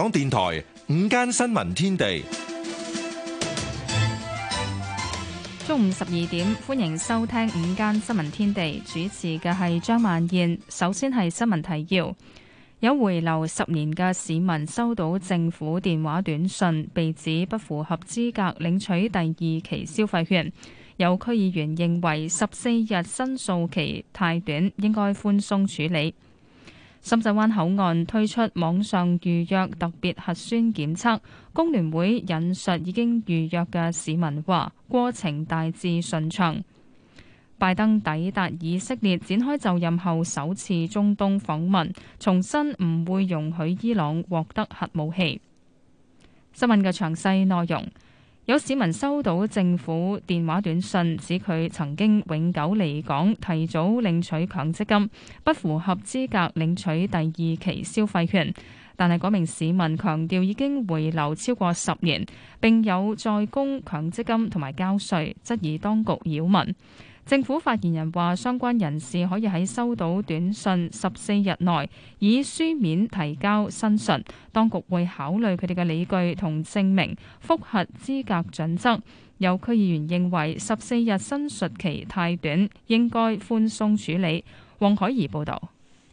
香港電台午間新聞天地，中午十二點，歡迎收聽午間新聞天地，主持嘅係張曼燕。首先係新聞提要：有回流十年嘅市民收到政府電話短信，被指不符合資格領取第二期消費券。有區議員認為十四日申訴期太短，應該寬鬆處理。深圳灣口岸推出網上預約特別核酸檢測，工聯會引述已經預約嘅市民話，過程大致順暢。拜登抵達以色列，展開就任後首次中東訪問，重申唔會容許伊朗獲得核武器。新聞嘅詳細內容。有市民收到政府電話短信，指佢曾經永久離港，提早領取強積金，不符合資格領取第二期消費券。但係嗰名市民強調已經回流超過十年，並有再供強積金同埋交稅，質疑當局擾民。政府發言人話：相關人士可以喺收到短信十四日內以書面提交申述，當局會考慮佢哋嘅理據同證明，覆核資格準則。有區議員認為十四日申述期太短，應該寬鬆處理。黃海怡報導。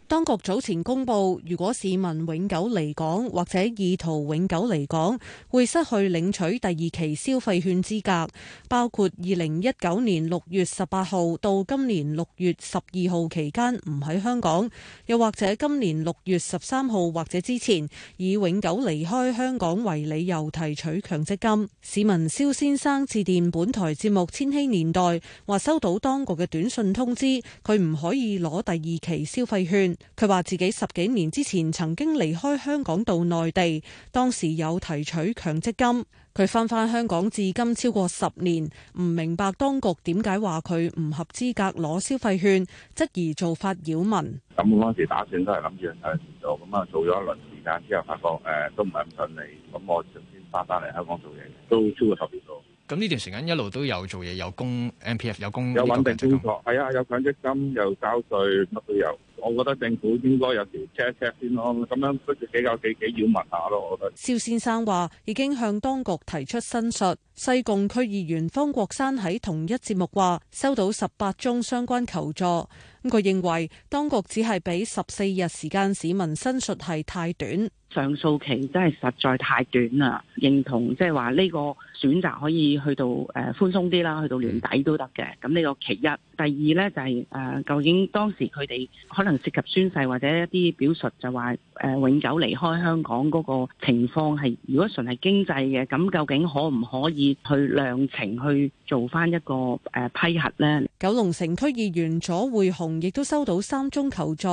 當局早前公布，如果市民永久離港或者意圖永久離港，會失去領取第二期消費券資格，包括二零一九年六月十八號到今年六月十二號期間唔喺香港，又或者今年六月十三號或者之前以永久離開香港為理由提取強積金。市民蕭先生致電本台節目《千禧年代》，話收到當局嘅短信通知，佢唔可以攞第二期消費券。佢話自己十幾年之前曾經離開香港到內地，當時有提取強積金，佢翻返香港至今超過十年，唔明白當局點解話佢唔合資格攞消費券，質疑做法擾民。咁我當時打算都係諗住誒做，咁啊做咗一輪時間之後，發覺都唔係咁順利，咁我就先翻返嚟香港做嘢，都超過十年。咁呢段時間一路都有做嘢，有供 M P F，有供有穩定工作，係啊，有強積金又交稅，乜都有。我覺得政府應該有時 check check 先咯，咁樣比較幾幾要問下咯。我覺得。邵先生話已經向當局提出申述。西貢區議員方國山喺同一節目話收到十八宗相關求助。咁佢認為當局只係俾十四日時間市民申述係太短。上訴期真係實在太短啦，認同即係話呢個選擇可以去到誒、呃、寬鬆啲啦，去到年底都得嘅。咁呢個其一，第二呢，就係、是、誒、呃、究竟當時佢哋可能涉及宣誓或者一啲表述，就話。誒永久離開香港嗰個情況係，如果純係經濟嘅，咁究竟可唔可以去量程去做翻一個誒批核呢？九龍城區議員左匯雄亦都收到三宗求助，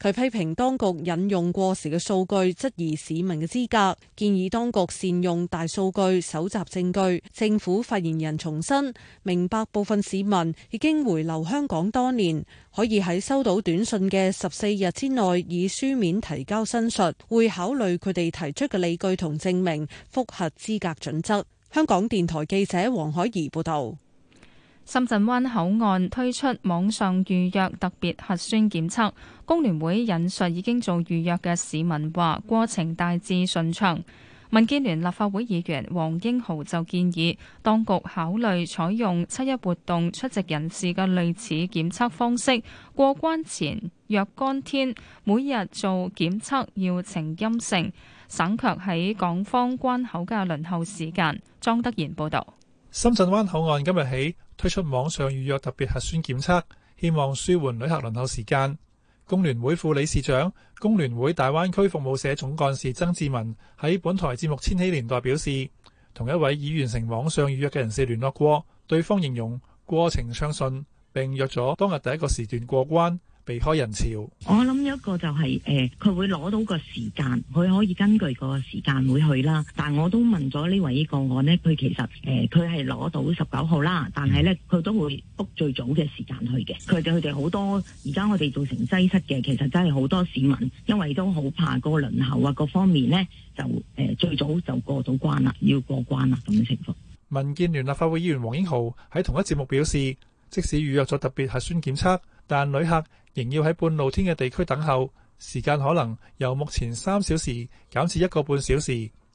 佢批評當局引用過時嘅數據，質疑市民嘅資格，建議當局善用大數據搜集證據。政府發言人重申，明白部分市民已經回流香港多年。可以喺收到短信嘅十四日之內以書面提交申述，會考慮佢哋提出嘅理據同證明覆核資格準則。香港電台記者黃海怡報道。深圳灣口岸推出網上預約特別核酸檢測，工聯會引述已經做預約嘅市民話，過程大致順暢。民建聯立法會議員黃英豪就建議當局考慮採用七一活動出席人士嘅類似檢測方式，過關前若干天每日做檢測要呈陰性，省卻喺港方關口嘅輪候時間。莊德賢報道。深圳灣口岸今日起推出網上預約特別核酸檢測，希望舒緩旅客輪候時間。工聯會副理事長、工聯會大灣區服務社總幹事曾志文喺本台節目《千禧年代》表示，同一位已完成網上預約嘅人士聯絡過，對方形容過程暢順，並約咗當日第一個時段過關。避開人潮。我諗一個就係、是、誒，佢、呃、會攞到個時間，佢可以根據個時間會去啦。但係我都問咗呢位呢、個案呢，佢其實誒，佢係攞到十九號啦，但係呢，佢都會 book 最早嘅時間去嘅。佢哋佢哋好多而家我哋做成擠塞嘅，其實真係好多市民，因為都好怕個輪候啊，各方面呢，就誒、呃、最早就過到關啦，要過關啦咁嘅情況。民建聯立法會議員黃英豪喺同一節目表示，即使預約咗特別核酸檢測，但旅客。仍要喺半露天嘅地區等候，時間可能由目前三小時減至一個半小時，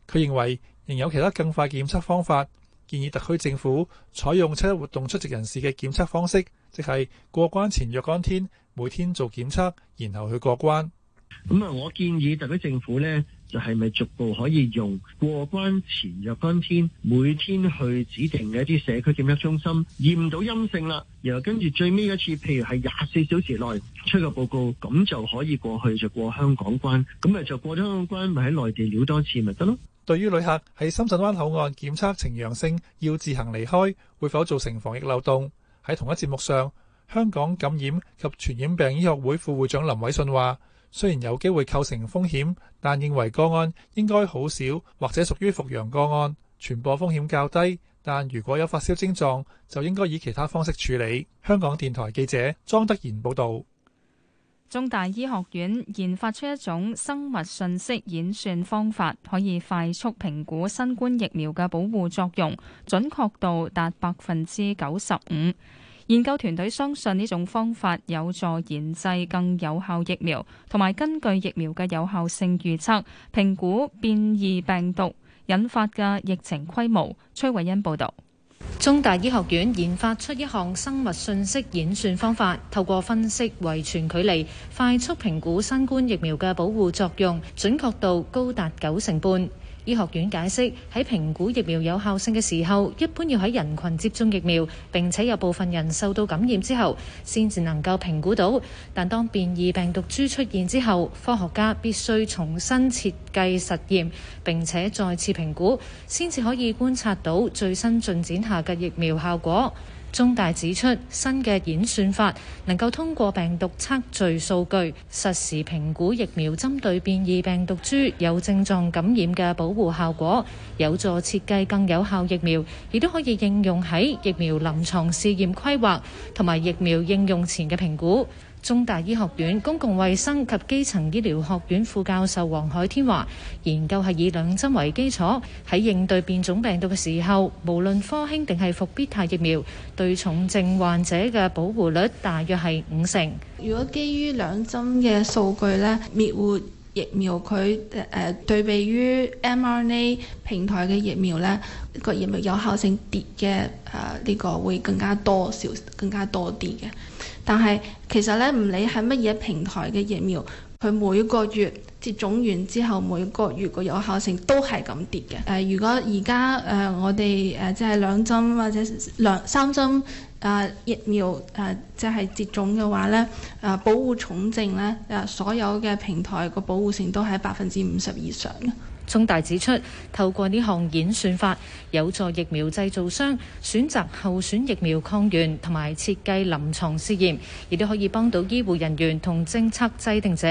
佢認為仍有其他更快檢測方法，建議特區政府採用七一活動出席人士嘅檢測方式，即係過關前若干天每天做檢測，然後去過關，咁啊，我建議特區政府咧，就係咪逐步可以用過關前若干天，每天去指定嘅一啲社區檢測中心驗到陰性啦，然後跟住最尾一次，譬如係廿四小時內出個報告，咁就可以過去就過香港關，咁咪就過咗香港關，咪喺內地繞多次咪得咯？對於旅客喺深圳灣口岸檢測呈陽性要自行離開，會否造成防疫漏洞？喺同一節目上，香港感染及傳染病醫學會副會長林偉信話。雖然有機會構成風險，但認為個案應該好少，或者屬於復陽個案，傳播風險較低。但如果有發燒徵狀，就應該以其他方式處理。香港電台記者莊德賢報導。中大醫學院研發出一種生物信息演算方法，可以快速評估新冠疫苗嘅保護作用，準確度達百分之九十五。研究團隊相信呢種方法有助研製更有效疫苗，同埋根據疫苗嘅有效性預測，評估變異病毒引發嘅疫情規模。崔慧恩報導，中大醫學院研發出一項生物信息演算方法，透過分析遺傳距離，快速評估新冠疫苗嘅保護作用，準確度高達九成半。醫學院解釋，喺評估疫苗有效性嘅時候，一般要喺人群接種疫苗，並且有部分人受到感染之後，先至能夠評估到。但當變異病毒株出現之後，科學家必須重新設計實驗，並且再次評估，先至可以觀察到最新進展下嘅疫苗效果。中大指出，新嘅演算法能夠通過病毒測序數據實時評估疫苗針對變異病毒株有症狀感染嘅保護效果，有助設計更有效疫苗，亦都可以應用喺疫苗臨床試驗規劃同埋疫苗應用前嘅評估。中大醫學院公共衛生及基層醫療學院副教授黃海天話，研究係以兩針為基礎，喺應對變種病毒嘅時候，無論科興定係復必泰疫苗，對重症患者嘅保護率大約係五成。如果基於兩針嘅數據咧，滅活疫苗佢，誒誒，對比於 mRNA 平台嘅疫苗咧，個疫苗有效性跌嘅，誒，呢個會更加多少更加多啲嘅，但係其實咧唔理係乜嘢平台嘅疫苗，佢每個月。接種完之後每個月個有效性都係咁跌嘅。誒、呃，如果而家誒我哋誒、呃、即係兩針或者兩三針啊、呃、疫苗誒、呃、即係接種嘅話呢誒、呃、保護重症呢，誒、呃、所有嘅平台個保護性都喺百分之五十以上嘅。中大指出，透過呢項演算法，有助疫苗製造商選擇候選疫苗抗原，同埋設計臨床試驗，亦都可以幫到醫護人員同政策制定者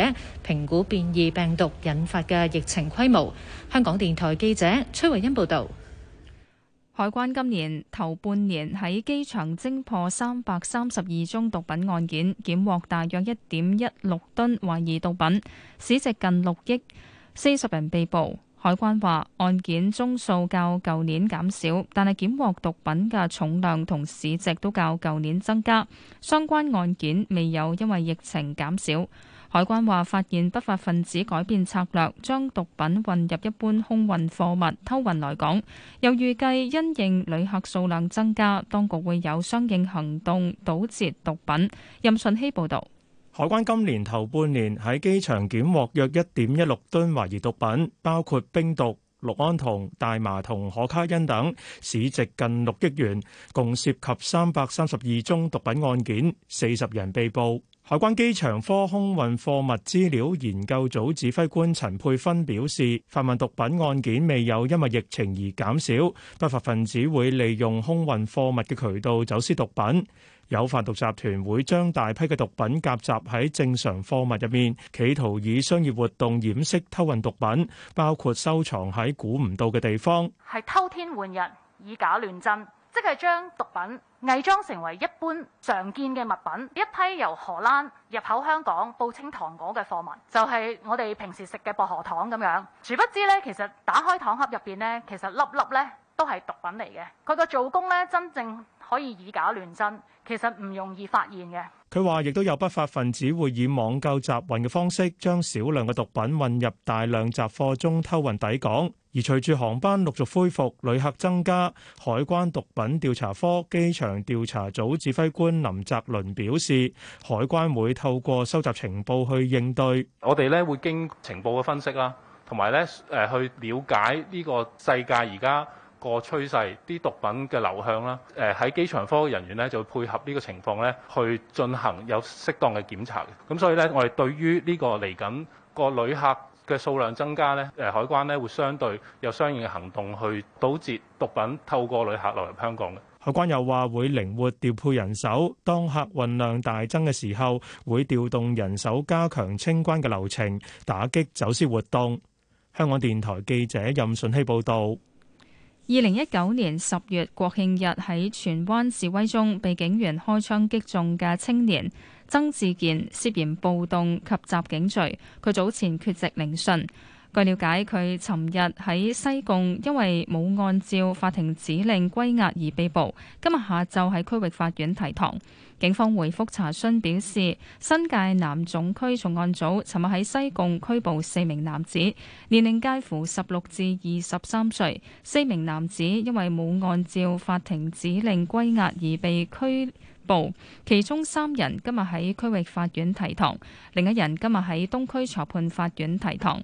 評估變異病毒引發嘅疫情規模。香港電台記者崔維欣報道。海關今年頭半年喺機場偵破三百三十二宗毒品案件，檢獲大約一點一六噸懷疑毒品，市值近六億，四十人被捕。海關話案件宗數較舊年減少，但係檢獲毒品嘅重量同市值都較舊年增加。相關案件未有因為疫情減少。海關話發現不法分子改變策略，將毒品混入一般空運貨物偷運來港。又預計因應旅客數量增加，當局會有相應行動堵截毒品。任信希報道。海關今年頭半年喺機場檢獲約一點一六噸懷疑毒品，包括冰毒、氯胺酮、大麻同可卡因等，市值近六億元，共涉及三百三十二宗毒品案件，四十人被捕。海關機場科空運貨物資料研究組指揮官陳佩芬表示，販運毒品案件未有因為疫情而減少，不法分子會利用空運貨物嘅渠道走私毒品。有販毒集團會將大批嘅毒品夾雜喺正常貨物入面，企圖以商業活動掩飾偷運毒品，包括收藏喺估唔到嘅地方。係偷天換日，以假亂真，即係將毒品偽裝成為一般常見嘅物品。一批由荷蘭入口香港報稱糖果嘅貨物，就係我哋平時食嘅薄荷糖咁樣。殊不知咧，其實打開糖盒入邊呢，其實粒粒咧都係毒品嚟嘅。佢個做工咧，真正，可以以假亂真，其實唔容易發現嘅。佢話，亦都有不法分子會以網購集運嘅方式，將少量嘅毒品運入大量雜貨中偷運抵港。而隨住航班陸續恢復，旅客增加，海關毒品調查科機場調查組指揮官林澤倫表示，海關會透過收集情報去應對。我哋咧會經情報嘅分析啦，同埋咧誒去了解呢個世界而家。個趨勢啲毒品嘅流向啦，誒、呃、喺機場科人員呢就會配合呢個情況呢去進行有適當嘅檢查。咁所以呢，我哋對於呢、這個嚟緊個旅客嘅數量增加呢，誒、呃、海關呢會相對有相應嘅行動去堵截毒品透過旅客流入香港嘅。海關又話會靈活調配人手，當客運量大增嘅時候，會調動人手加強清關嘅流程，打擊走私活動。香港電台記者任順希報導。二零一九年十月國慶日喺荃灣示威中被警員開槍擊中嘅青年曾志健涉嫌暴動及襲警罪，佢早前缺席聆訊。據了解，佢尋日喺西貢因為冇按照法庭指令歸押而被捕，今日下晝喺區域法院提堂。警方回覆查詢表示，新界南總區重案組尋日喺西貢拘捕四名男子，年齡介乎十六至二十三歲。四名男子因為冇按照法庭指令歸押而被拘捕，其中三人今日喺區域法院提堂，另一人今日喺東區裁判法院提堂。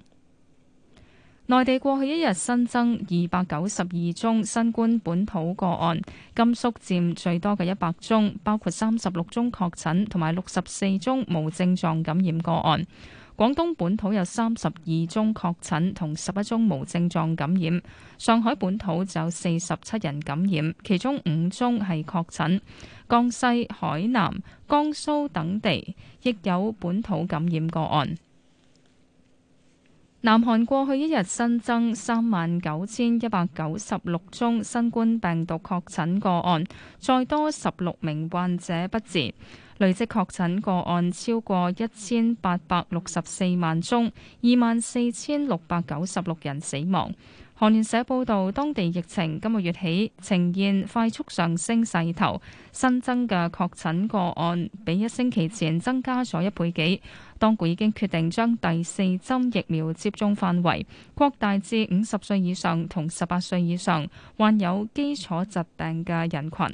內地過去一日新增二百九十二宗新冠本土個案，甘肅佔最多嘅一百宗，包括三十六宗確診同埋六十四宗無症狀感染個案。廣東本土有三十二宗確診同十一宗無症狀感染，上海本土就有四十七人感染，其中五宗係確診。江西、海南、江蘇等地亦有本土感染個案。南韓過去一日新增三萬九千一百九十六宗新冠病毒確診個案，再多十六名患者不治，累積確診個案超過一千八百六十四萬宗，二萬四千六百九十六人死亡。韓聯社報道，當地疫情今個月起呈現快速上升勢頭，新增嘅確診個案比一星期前增加咗一倍幾。當局已經決定將第四針疫苗接種範圍擴大至五十歲以上同十八歲以上患有基礎疾病嘅人群。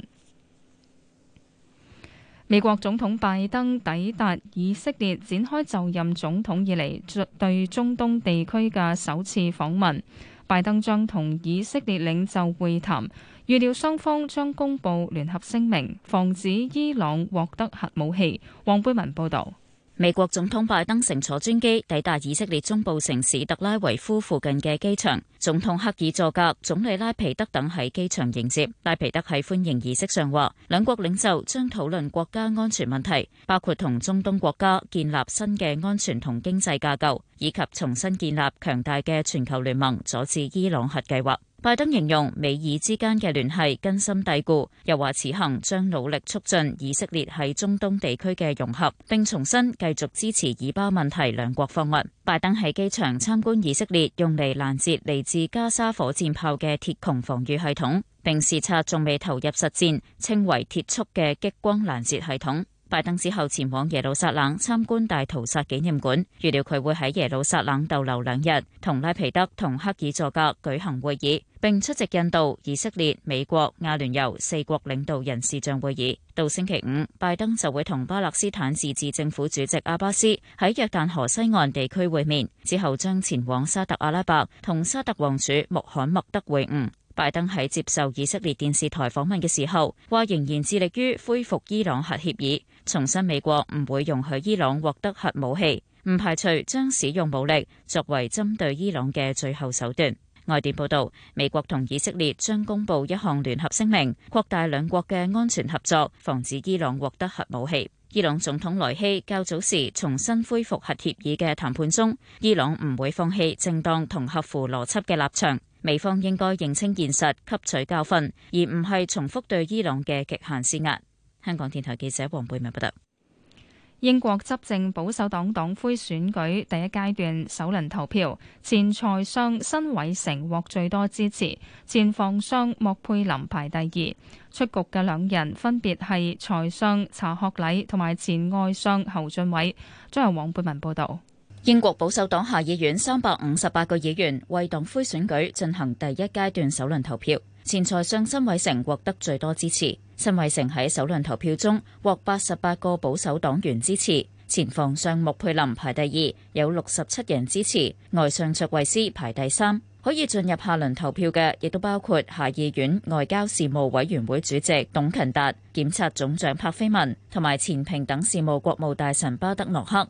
美國總統拜登抵達以色列，展開就任總統以嚟對中東地區嘅首次訪問。拜登將同以色列領袖會談，預料雙方將公布聯合聲明，防止伊朗獲得核武器。黃貝文報道。美國總統拜登乘坐專機抵達以色列中部城市特拉維夫附近嘅機場，總統赫爾佐格、總理拉皮德等喺機場迎接。拉皮德喺歡迎儀式上話，兩國領袖將討論國家安全問題，包括同中東國家建立新嘅安全同經濟架構，以及重新建立強大嘅全球聯盟，阻止伊朗核計劃。拜登形容美以之間嘅聯繫根深蒂固，又話此行將努力促進以色列喺中東地區嘅融合，並重新繼續支持以巴問題兩國方案。拜登喺機場參觀以色列用嚟攔截嚟自加沙火箭炮嘅鐵穹防禦系統，並視察仲未投入實戰，稱為鐵束嘅激光攔截系統。拜登之後前往耶路撒冷參觀大屠殺紀念館，預料佢會喺耶路撒冷逗留兩日，同拉皮德同赫爾佐格舉行會議，並出席印度、以色列、美國、阿聯酋四國領導人視像會議。到星期五，拜登就會同巴勒斯坦自治政府主席阿巴斯喺約旦河西岸地區會面，之後將前往沙特阿拉伯同沙特王儲穆罕默默德會晤。拜登喺接受以色列電視台訪問嘅時候，話仍然致力於恢復伊朗核協議，重申美國唔會容許伊朗獲得核武器，唔排除將使用武力作為針對伊朗嘅最後手段。外電報道，美國同以色列將公布一項聯合聲明，擴大兩國嘅安全合作，防止伊朗獲得核武器。伊朗總統萊希較早時重新恢復核協議嘅談判中，伊朗唔會放棄正當同合乎邏輯嘅立場。美方應該認清現實，吸取教訓，而唔係重複對伊朗嘅極限施壓。香港電台記者黃佩文報道。英國執政保守黨黨魁選舉第一階段首輪投票，前財相辛偉誠獲最多支持，前防相莫佩林排第二。出局嘅兩人分別係財相查學禮同埋前外相侯俊偉。將由黃佩文報道。英國保守黨下議院三百五十八個議員為黨魁選舉進行第一階段首輪投票，前財相辛偉成獲得最多支持。辛偉成喺首輪投票中獲八十八個保守黨員支持，前防相穆佩林排第二，有六十七人支持，外相卓慧思排第三，可以進入下輪投票嘅，亦都包括下議院外交事務委員會主席董勤達、檢察總長柏菲文同埋前平等事務國務大臣巴德諾克。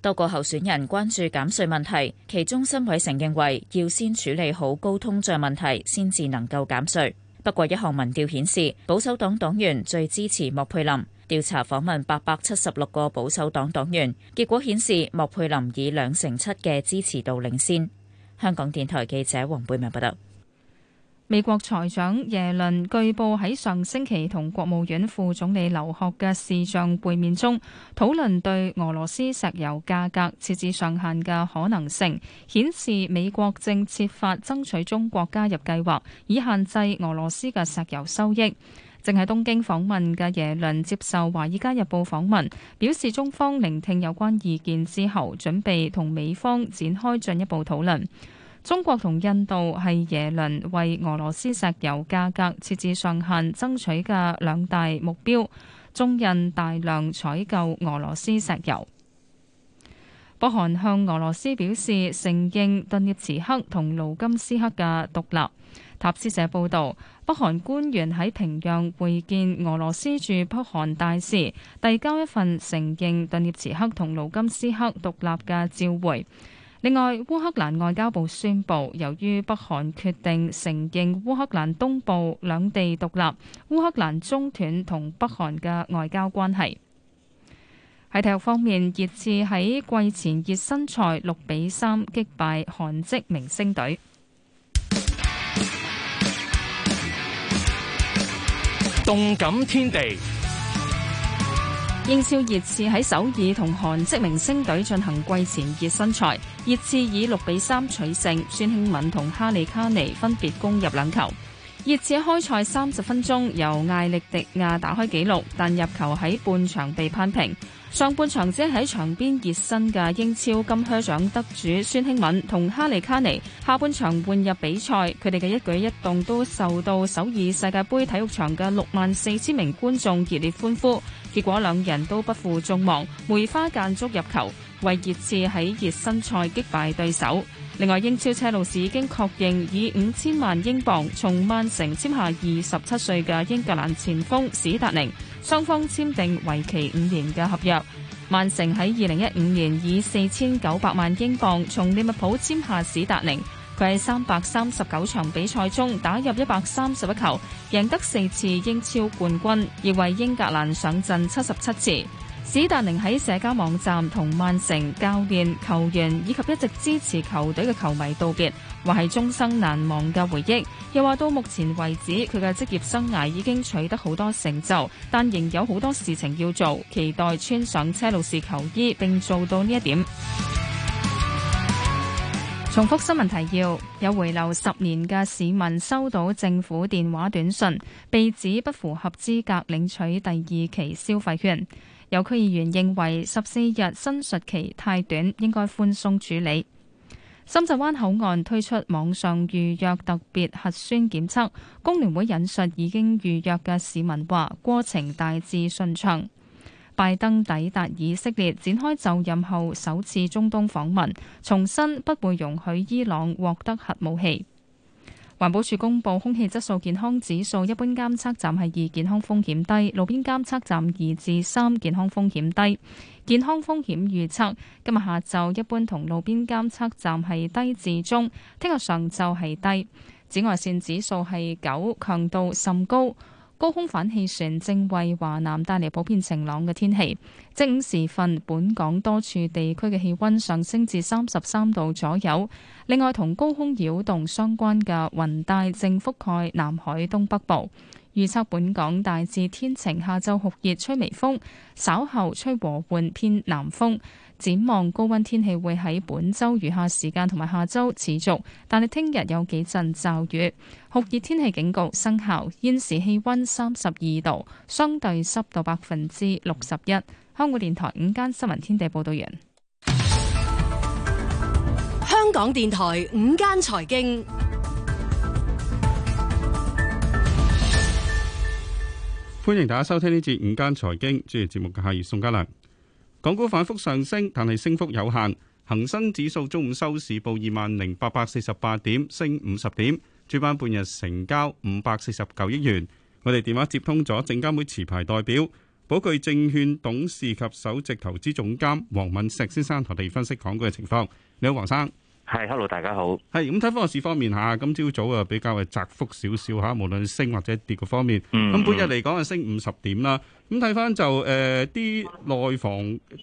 多個候選人關注減稅問題，其中辛偉誠認為要先處理好高通脹問題，先至能夠減稅。不過一項民調顯示，保守黨黨員最支持莫佩林。調查訪問八百七十六個保守黨黨員，結果顯示莫佩林以兩成七嘅支持度領先。香港電台記者黃貝文報道。美國財長耶倫據報喺上星期同國務院副總理劉鶴嘅視像會面中，討論對俄羅斯石油價格設置上限嘅可能性，顯示美國正設法爭取中國加入計劃，以限制俄羅斯嘅石油收益。正喺東京訪問嘅耶倫接受《華爾街日報》訪問，表示中方聆聽有關意見之後，準備同美方展開進一步討論。中國同印度係耶倫為俄羅斯石油價格設置上限爭取嘅兩大目標。中印大量採購俄羅斯石油。北韓向俄羅斯表示承認頓涅茨克同盧甘斯克嘅獨立。塔斯社報導，北韓官員喺平壤會見俄羅斯駐北韓大使，遞交一份承認頓涅茨克同盧甘斯克獨立嘅照會。另外，烏克蘭外交部宣布，由於北韓決定承認烏克蘭東部兩地獨立，烏克蘭中斷同北韓嘅外交關係。喺體育方面，熱刺喺季前熱身賽六比三擊敗韓籍明星隊。動感天地。英超熱刺喺首爾同韓籍明星隊進行季前熱身賽，熱刺以六比三取勝，孫興敏同哈利卡尼分別攻入兩球。熱刺開賽三十分鐘，由艾力迪亞打開紀錄，但入球喺半場被扳平。上半場只喺場邊熱身嘅英超金靴獎得主孫興敏同哈利卡尼，下半場換入比賽，佢哋嘅一舉一動都受到首爾世界杯體育場嘅六萬四千名觀眾熱烈歡呼。結果兩人都不負眾望，梅花間竹入球，為熱刺喺熱身賽擊敗對手。另外，英超車路士已經確認以五千萬英鎊從曼城簽下二十七歲嘅英格蘭前鋒史達寧，雙方簽訂為期五年嘅合約。曼城喺二零一五年以四千九百萬英鎊從利物浦簽下史達寧，佢喺三百三十九場比賽中打入一百三十一球，贏得四次英超冠軍，亦為英格蘭上陣七十七次。史達寧喺社交網站同曼城教練、球員以及一直支持球隊嘅球迷道別，話係終生難忘嘅回憶。又話到目前為止，佢嘅職業生涯已經取得好多成就，但仍有好多事情要做。期待穿上車路士球衣，並做到呢一點。重複新聞提要：有回流十年嘅市民收到政府電話短訊，被指不符合資格領取第二期消費券。有區議員認為十四日申述期太短，應該寬鬆處理。深圳灣口岸推出網上預約特別核酸檢測。工聯會引述已經預約嘅市民話，過程大致順暢。拜登抵達以色列，展開就任後首次中東訪問，重申不會容許伊朗獲得核武器。環保署公布空氣質素健康指數，一般監測站係二，健康風險低；路邊監測站二至三，健康風險低。健康風險預測，今日下晝一般同路邊監測站係低至中，聽日上晝係低。紫外線指數係九，強度甚高。高空反氣旋正為華南帶嚟普遍晴朗嘅天氣。正午時分，本港多處地區嘅氣温上升至三十三度左右。另外，同高空擾動相關嘅雲帶正覆蓋南海東北部。預測本港大致天晴，下晝酷熱，吹微風，稍後吹和緩偏南風。展望高溫天氣會喺本周餘下時間同埋下周持續，但係聽日有幾陣驟雨，酷熱天氣警告生效。現時氣溫三十二度，相對濕度百分之六十一。香港電台午間新聞天地報道完。香港電台午間財經，歡迎大家收聽呢節午間財經，主持節目嘅係宋嘉良。港股反覆上升，但係升幅有限。恒生指數中午收市報二萬零八百四十八點，升五十點。主板半日成交五百四十九億元。我哋電話接通咗證監會持牌代表寶具證券董事及首席投資總監黃敏石先生，同你分析港股嘅情況。你好，黃生。係、hey，hello，大家好。係，咁睇翻個市方面吓、啊，今朝早啊比較係窄幅少少吓，無論升或者跌嘅方面。咁、嗯、本日嚟講係，升五十點啦。咁睇翻就誒、啲、呃、內房、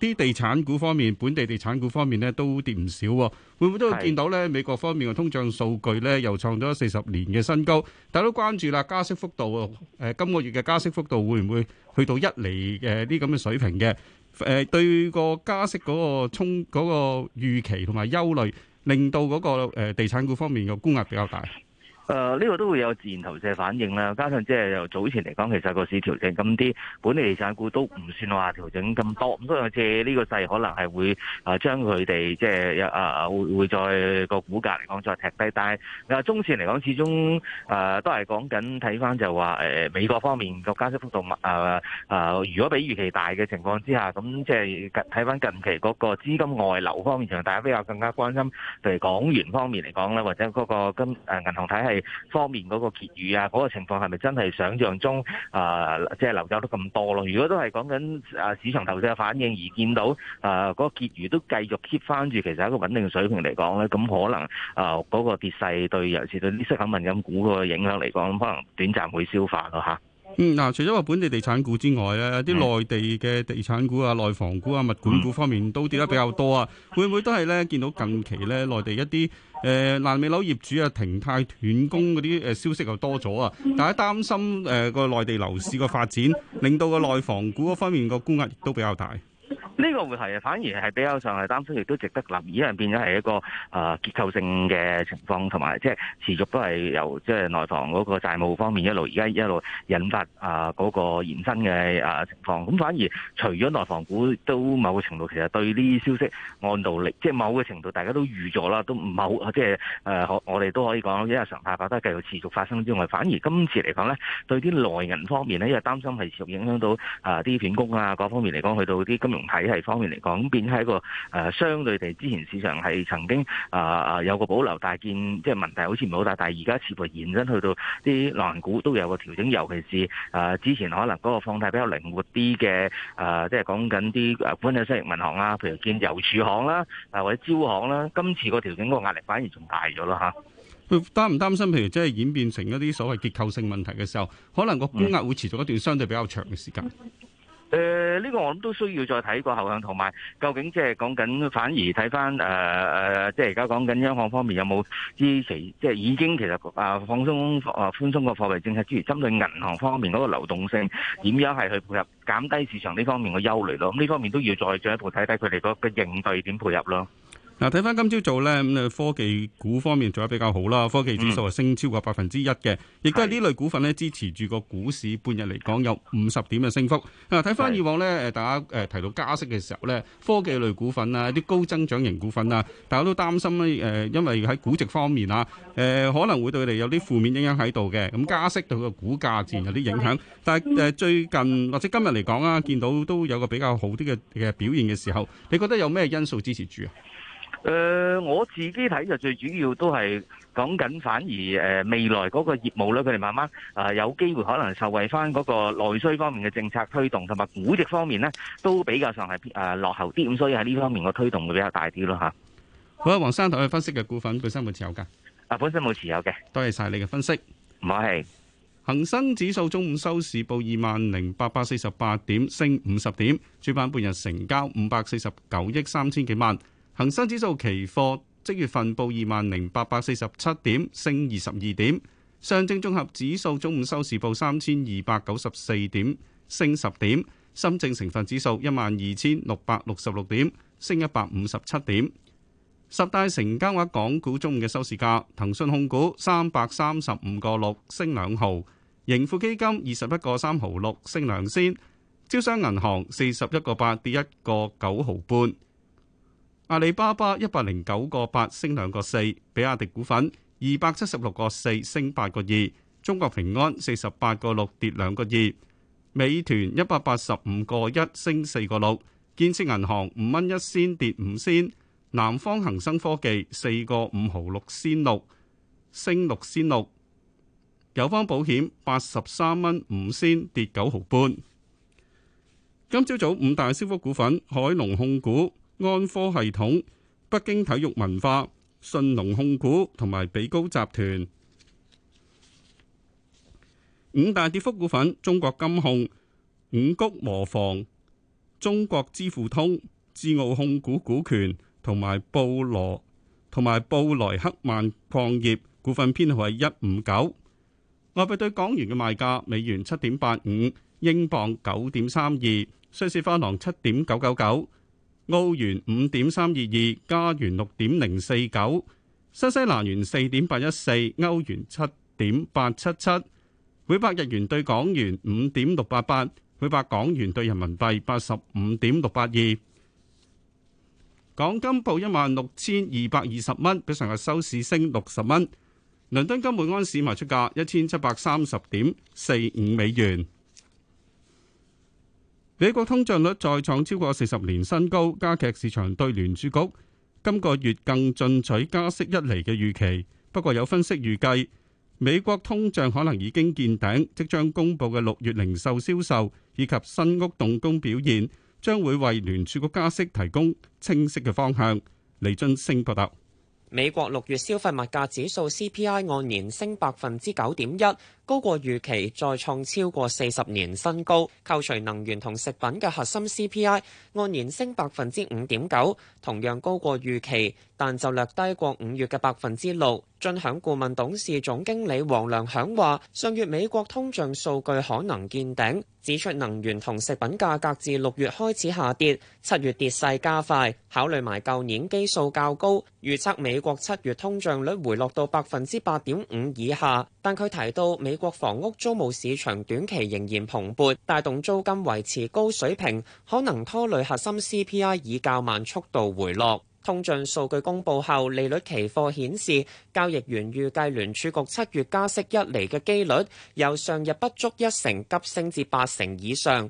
啲地產股方面，本地地產股方面咧都跌唔少、哦。會唔會都見到咧？是美國方面嘅通脹數據咧又創咗四十年嘅新高，大家都關注啦，加息幅度啊，誒、呃，今個月嘅加息幅度會唔會去到一厘嘅啲咁嘅水平嘅？誒、呃，對個加息嗰個沖、嗰個預期同埋憂慮令到嗰個誒地產股方面嘅沽壓比較大。誒，呢個都會有自然投射反應啦，加上即係由早前嚟講，其實個市調整咁啲本地地產股都唔算話調整咁多，咁所以借呢個勢可能係會誒將佢哋即係誒誒會會再個股價嚟講再踢低，但係啊中線嚟講始終誒都係講緊睇翻就話誒美國方面個加息幅度啊啊如果比預期大嘅情況之下，咁即係睇翻近期嗰個資金外流方面上，大家比較更加關心，譬如港元方面嚟講咧，或者嗰個金誒銀行體系。方面嗰個結餘啊，嗰、那個情況係咪真係想像中啊，即、呃、係、就是、流走得咁多咯？如果都係講緊啊市場投資嘅反應，而見到啊嗰、呃那個結餘都繼續 keep 翻住，其實一個穩定嘅水平嚟講咧，咁可能啊嗰、呃那個跌勢對尤其是對啲息口敏感股個影響嚟講，可能短暫會消化咯吓，嗯，嗱，除咗話本地地產股之外咧，啲內地嘅地產股啊、內房股啊、物管股方面都跌得比較多啊，嗯嗯、會唔會都係咧見到近期咧內地一啲，誒爛尾樓業主啊停貸斷供嗰啲誒消息又多咗啊，大家擔心誒個、呃、內地樓市嘅發展，令到個內房股方面個沽壓亦都比較大。呢個話題啊，反而係比較上係擔心，亦都值得留意，而因為變咗係一個啊結構性嘅情況，同埋即係持續都係由即係內房嗰個債務方面一路而家一路引發啊嗰個延伸嘅啊情況。咁反而除咗內房股，都某個程度其實對呢啲消息按道理，即係某個程度大家都預咗啦，都唔係好即係誒，我哋都可以講，因為常態化都繼續持續發生之外，反而今次嚟講咧，對啲內銀方面咧，因為擔心係持續影響到啊啲片工啊各方面嚟講，去到啲金融。體系方面嚟講，咁變係一個誒，相對地之前市場係曾經啊啊有個保留大建，即係問題好似唔係好大，但而家似乎延伸去到啲藍股都有個調整，尤其是誒之前可能嗰個放貸比較靈活啲嘅誒，即係講緊啲誒股份制商業銀行啊，譬如建郵儲行啦，啊或者招行啦，今次個調整個壓力反而仲大咗咯嚇。擔唔擔心？譬如即係演變成一啲所謂結構性問題嘅時候，可能個高壓會持續一段相對比較長嘅時間。誒、呢、呃，這個我諗都需要再睇過後向，同埋究竟即係講緊，反而睇翻，誒誒，即係而家講緊央行方面有冇支持，即、就、係、是、已經其實啊放鬆啊寬鬆個貨幣政策，之餘針對銀行方面嗰個流動性，點樣係去配合減低市場呢方面嘅憂慮咯？咁呢方面都要再進一步睇睇佢哋嗰個應對點配合咯。嗱，睇翻今朝早咧咁啊，科技股方面做得比較好啦。科技指數啊，升超過百分之一嘅，亦都係呢類股份咧支持住個股市，半日嚟講有五十點嘅升幅。啊，睇翻以往咧，誒，大家誒提到加息嘅時候咧，科技類股份啊，啲高增長型股份啊，大家都擔心咧誒，因為喺估值方面啊，誒可能會對佢哋有啲負面影響喺度嘅。咁加息對個股價自然有啲影響，但係誒最近或者今日嚟講啊，見到都有個比較好啲嘅嘅表現嘅時候，你覺得有咩因素支持住啊？誒、呃，我自己睇就最主要都係講緊，反而誒未來嗰個業務咧，佢哋慢慢啊有機會可能受惠翻嗰個內需方面嘅政策推動，同埋估值方面呢，都比較上係誒落後啲，咁所以喺呢方面個推動會比較大啲咯。吓，好啊，黃生同佢分析嘅股份，佢有冇持有噶？啊，本身冇持有嘅。多謝晒你嘅分析，唔使客氣。恒生指數中午收市報二萬零八百四十八點，升五十點，主板半日成交五百四十九億三千幾萬。恒生指數期貨即月份報二萬零八百四十七點，升二十二點。上證綜合指數中午收市報三千二百九十四點，升十點。深證成分指數一萬二千六百六十六點，升一百五十七點。十大成交額港股中午嘅收市價：騰訊控股三百三十五個六，升兩毫；盈富基金二十一個三毫六，升兩仙；招商銀行四十一個八，跌一個九毫半。阿里巴巴一百零九個八升兩個四，比亞迪股份二百七十六個四升八個二，中國平安四十八個六跌兩個二，美團一百八十五個一升四個六，建設銀行五蚊一仙跌五仙，南方恒生科技四個五毫六仙六升六仙六，友邦保險八十三蚊五仙跌九毫半。今朝早五大升幅股份，海龍控股。安科系統、北京體育文化、信隆控股同埋比高集團。五大跌幅股份，中國金控、五谷磨房、中國支付通、智奧控股股權同埋布羅同埋布萊克曼礦業股份編號係一五九。外幣對港元嘅賣價，美元七點八五，英鎊九點三二，瑞士法郎七點九九九。澳元五點三二二，加元六點零四九，新西蘭元四點八一四，歐元七點八七七，每百日元對港元五點六八八，每百港元對人民幣八十五點六八二。港金報一萬六千二百二十蚊，比上日收市升六十蚊。倫敦金每盎司賣出價一千七百三十點四五美元。美國通脹率再創超過四十年新高，加劇市場對聯儲局今個月更進取加息一厘嘅預期。不過有分析預計，美國通脹可能已經見頂，即將公佈嘅六月零售銷售以及新屋動工表現，將會為聯儲局加息提供清晰嘅方向。李俊升報道。美國六月消費物價指數 CPI 按年升百分之九點一，高過預期，再創超過四十年新高。扣除能源同食品嘅核心 CPI 按年升百分之五點九，同樣高過預期。但就略低過五月嘅百分之六。進享顧問董事總經理黃良響話上月美國通脹數據可能見頂，指出能源同食品價格至六月開始下跌，七月跌勢加快。考慮埋舊年基數較高，預測美國七月通脹率回落到百分之八點五以下。但佢提到美國房屋租務市場短期仍然蓬勃，帶動租金維持高水平，可能拖累核心 CPI 以較慢速度回落。通脹數據公佈後，利率期貨顯示交易員預計聯儲局七月加息一厘嘅機率，由上日不足一成急升至八成以上。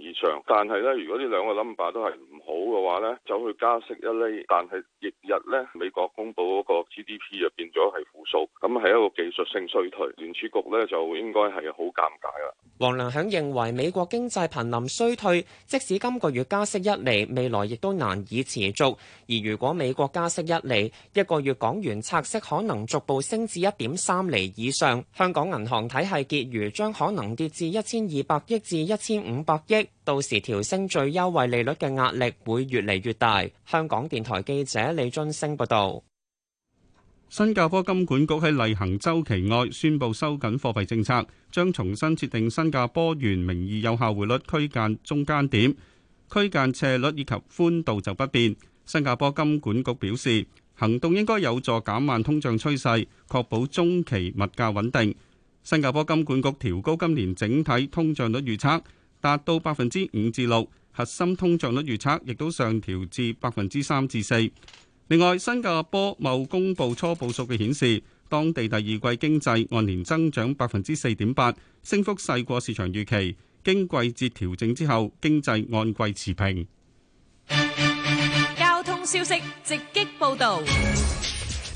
以上，但係咧，如果呢兩個 number 都係唔好嘅話咧，走去加息一厘。但係翌日，日呢美國公布嗰個 GDP 就變咗係負數，咁係一個技術性衰退，聯儲局呢就應該係好尷尬啦。黃良響認為美國經濟瀕臨衰退，即使今個月加息一厘，未來亦都難以持續。而如果美國加息一厘，一個月，港元拆息可能逐步升至一點三厘以上，香港銀行體系結餘將可能跌至一千二百億至一千五百億。到時調升最優惠利率嘅壓力會越嚟越大。香港電台記者李俊升報道，新加坡金管局喺例行周期外宣布收緊貨幣政策，將重新設定新加坡元名義有效匯率區間中間點、區間斜率以及寬度就不變。新加坡金管局表示，行動應該有助減慢通脹趨勢，確保中期物價穩定。新加坡金管局調高今年整體通脹率預測。達到百分之五至六，6, 核心通脹率預測亦都上調至百分之三至四。另外，新加坡貿工部初步數據顯示，當地第二季經濟按年增長百分之四點八，升幅細過市場預期。經季節調整之後，經濟按季持平。交通消息直擊報道。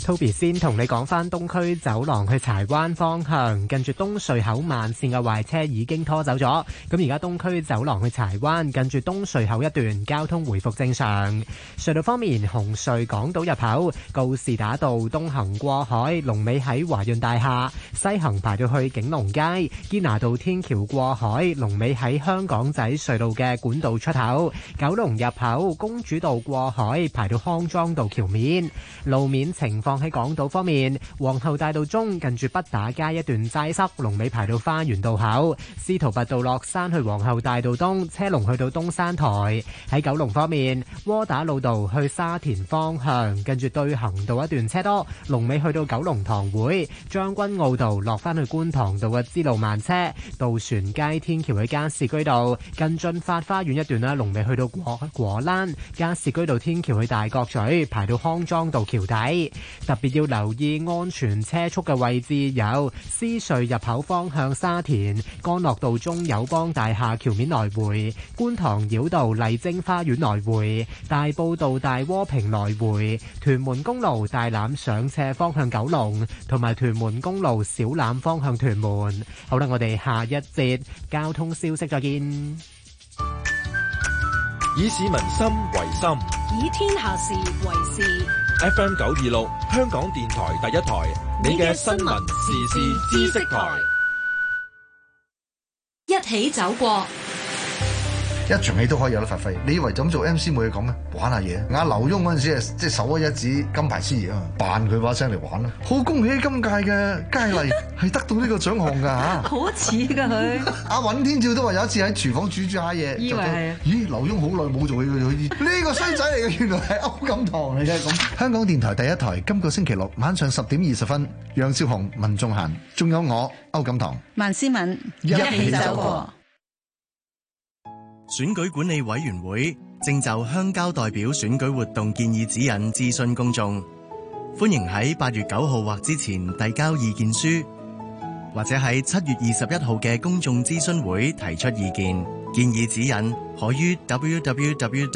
Toby 先同你講翻東區走廊去柴灣方向，近住東隧口，慢線嘅壞車已經拖走咗。咁而家東區走廊去柴灣近住東隧口一段交通回復正常。隧道方面，紅隧港島入口告士打道東行過海，龍尾喺華潤大廈；西行排到去景隆街，堅拿道天橋過海，龍尾喺香港仔隧道嘅管道出口。九龍入口公主道過海，排到康莊道橋面。路面情況。喺港島方面，皇后大道中近住北打街一段擠塞，龍尾排到花園道口；司徒拔道落山去皇后大道東，車龍去到東山台。喺九龍方面，窩打老道去沙田方向，近住對行道一段車多，龍尾去到九龍塘會將軍澳道落翻去觀塘道嘅支路慢車，渡船街天橋去加士居道近駿發花園一段啦，龍尾去到果果欄。加士居道天橋去大角咀，排到康莊道橋底。特別要留意安全車速嘅位置，有獅隧入口方向沙田、干諾道中友邦大廈橋面來回、觀塘繞道麗晶花園來回、大埔道大窩坪來回、屯門公路大欖上斜方向九龍，同埋屯門公路小欖方向屯門。好啦，我哋下一節交通消息再見。以市民心為心，以天下事為事。FM 九二六，香港電台第一台，你嘅新聞時事知識台，一起走過。一場戲都可以有得發揮，你以為就咁做 MC 冇嘢講咩？玩下嘢，阿劉墉嗰陣時係即係手握一指金牌司儀啊扮佢把聲嚟玩咯。好恭喜今屆嘅佳麗係 得到呢個獎項㗎嚇，好似㗎佢。阿尹、 啊、天照都話有一次喺廚房煮煮下嘢，以為咦，劉墉好耐冇做嘢呢、這個衰仔嚟嘅，原來係歐錦棠，嚟嘅。咁。 香港電台第一台今個星期六晚上十點二十分，楊兆雄、文仲賢，仲有我歐錦棠、萬思敏一起走選舉管理委員會正就鄉郊代表選舉活動建議指引諮詢公眾，歡迎喺八月九號或之前遞交意見書，或者喺七月二十一號嘅公眾諮詢會提出意見，建議指引可於 www.eac.hk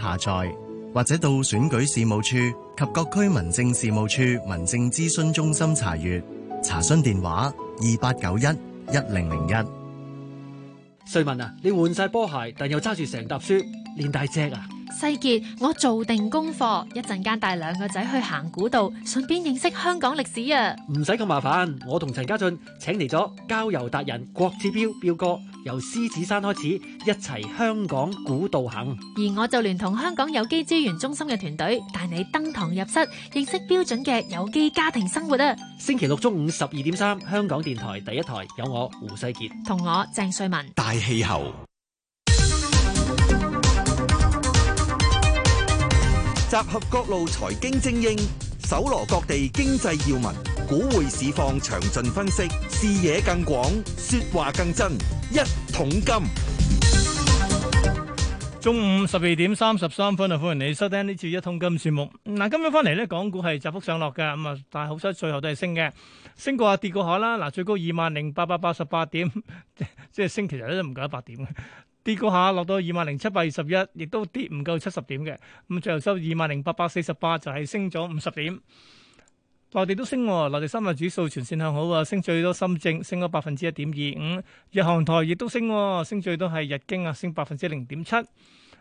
下載，或者到選舉事務處及各區民政事務處民政諮詢中心查閱，查詢電話二八九一一零零一。瑞文啊，你換晒波鞋，但又揸住成沓書，練大隻啊！世傑，我做定功課，一陣間帶兩個仔去行古道，順便認識香港歷史啊！唔使咁麻煩，我同陳家俊請嚟咗郊遊達人郭志標，標哥。由獅子山開始，一齊香港古道行。而我就連同香港有機資源中心嘅團隊，帶你登堂入室，認識標準嘅有機家庭生活啦、啊。星期六中午十二點三，3，香港電台第一台有我胡世杰同我鄭瑞文。大氣候，集合各路財經精英，搜羅各地經濟要聞。股匯市況詳盡分析，視野更廣，說話更真。一桶金，中午十二點三十三分啊！歡迎你收聽呢次一桶金節目。嗱，今日翻嚟咧，港股係窄幅上落嘅，咁啊，但係好彩最後都係升嘅，升過下，跌過下啦。嗱，最高二萬零八百八十八點，即即係升其實咧都唔夠一百點嘅，跌過下落到二萬零七百二十一，亦都跌唔夠七十點嘅。咁最後收二萬零八百四十八，就係升咗五十點。內地都升，內地三大指數全線向好啊！升最多深證，升咗百分之一點二五。日韓台亦都升，升最多係日經啊，升百分之零點七。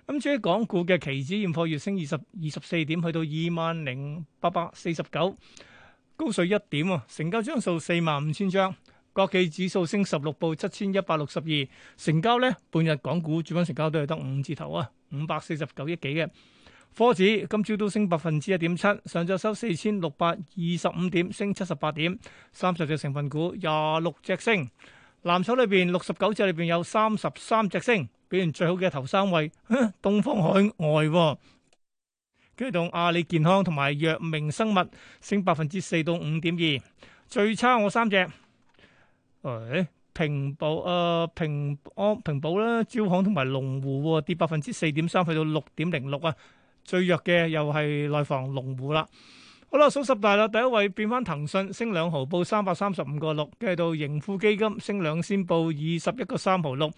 咁至於港股嘅期指現貨，月升二十二十四點，去到二萬零八百四十九，高水一點啊！成交張數四萬五千張，國企指數升十六報七千一百六十二，成交咧半日港股主板成交都係得五字頭啊，五百四十九億幾嘅。科指今朝都升百分之一點七，上晝收四千六百二十五點，升七十八點，三十隻成分股廿六隻升，藍籌裏邊六十九隻裏邊有三十三隻升，表現最好嘅頭三位，東方海外，跟住同阿里健康同埋藥明生物升百分之四到五點二，最差我三隻，平保啊，平安平保啦，招行同埋龍湖跌百分之四點三，去到六點零六啊。最弱嘅又係內房龍湖啦。好啦，數十大啦，第一位變翻騰訊升兩毫，報三百三十五個六。跟住到盈富基金，升兩仙，報二十一個三毫六。